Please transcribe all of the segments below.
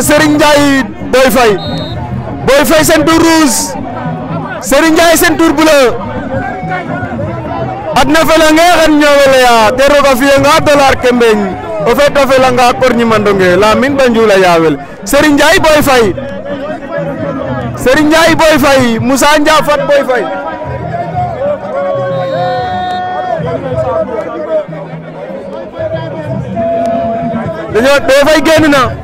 ziar Serigne Ndiaye Boy Faye Boy Faye seen tur rouge Serigne Ndiaye te roog a fiyanga dollar ke mbeñ felanga korñimandonge Lamine Bandiouly a yaawel Serigne Ndiaye Boy Faye Serigne Ndiaye Boy Faye Moussa Fat Boy Faye dañoo Boy Faye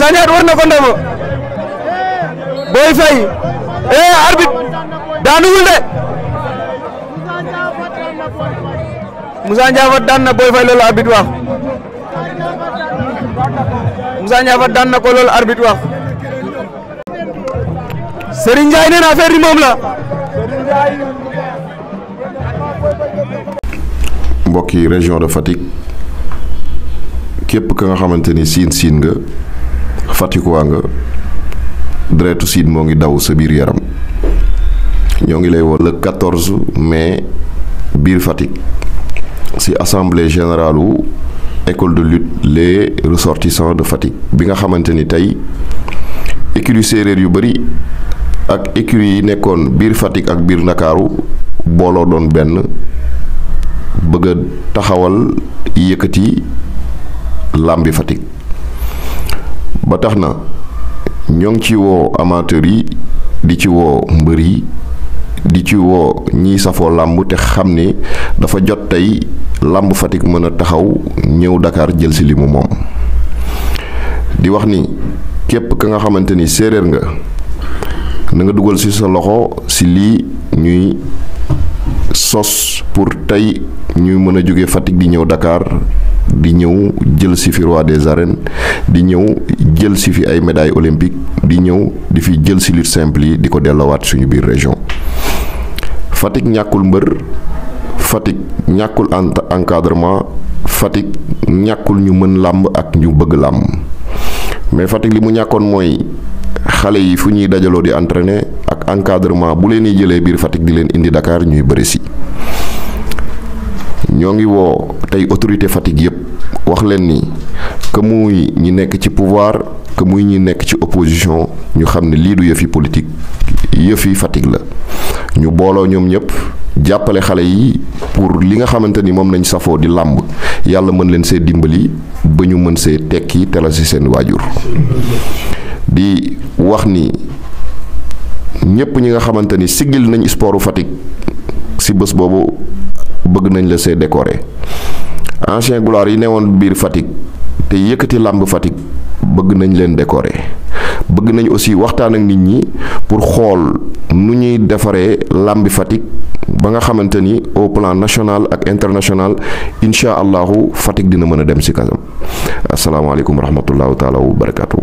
Sandiate war na ko ndombo Boy Faye eh arbitre daanuwul de Moussa Ndiaffate daan na Boy Faye loolu arbitre wax Moussa Ndiaffate daan na ko loolu arbitre wax Serigne Ndiaye nee na affaire yi moom la mbokk yi région de Fatick képp ka nga xamante ni siin siin nga fatiku nga dretu sid mo ngi daw sa bir yaram ñoo ngi lay wol le 14 mai bir fatik si assemblée générale wu école de lutte les ressortissants de fatik bi nga xamanteni tay écurie séréer yu bari ak écurie yi fatik ak bir nakaru bolodon don ben bëgg taxawal yëkëti lambi fatik ba taxna ñong ci wo amateur yi di ci wo mbër yi di ci wo ñi safo lamb te xamne dafa jot tay lamb fatik taxaw ñew Dakar jël si limu mom di wax ni kep ka nga xamanteni ni nga na nga duggal ci sa loxo ci li ñuy sos pour tay ñuy mëna joggé di ñew Dakar di ñëw jël si fi roi des arènes di ñëw jël si fi ay médailles olympiques di ñëw di fi jël si lutte simple yi di ko dellowaat suñu biir région Fatick ñàkkul mbër Fatick ñàkkul encadrement Fatick ñàkkul ñu mën làmb ak ñu bëgg làmb mais Fatick li mu ñàkkoon mooy xale yi fu ñuy dajaloo di entraîner ak encadrement bu leen di jëlee biir Fatick di leen indi Dakar ñuy bëri si ñongi wo tay autorité fatigue yépp wax leen ni que muy ñi nekk ci pouvoir que muy ñi nekk ci opposition ñu xamni li du yeufi politique yeufi Fatick la ñu bolo ñom ñëpp jappalé xalé yi pour li nga xamanteni ni lañ safo di lamb yalla mën leen sé dimbali ba ñu mën sé tekki tela sisen wajur di wax ni ñëpp ñi nga xamanteni ni nañ sportu fatigue si bés bobu bëgg nañ la see décorer ancien gloire yi newoon biir Fatick te yëkkati làmb Fatick bëgg nañ leen décorer bëgg nañ aussi waxtaan ak nit ñi pour xool nu ñuy defaree làmbi Fatick ba nga xamante ni au plan national ak international incha allahu Fatick dina mën a dem si kasam asalaamaaleykum wa rahmatullaahu taala wa barakaatu.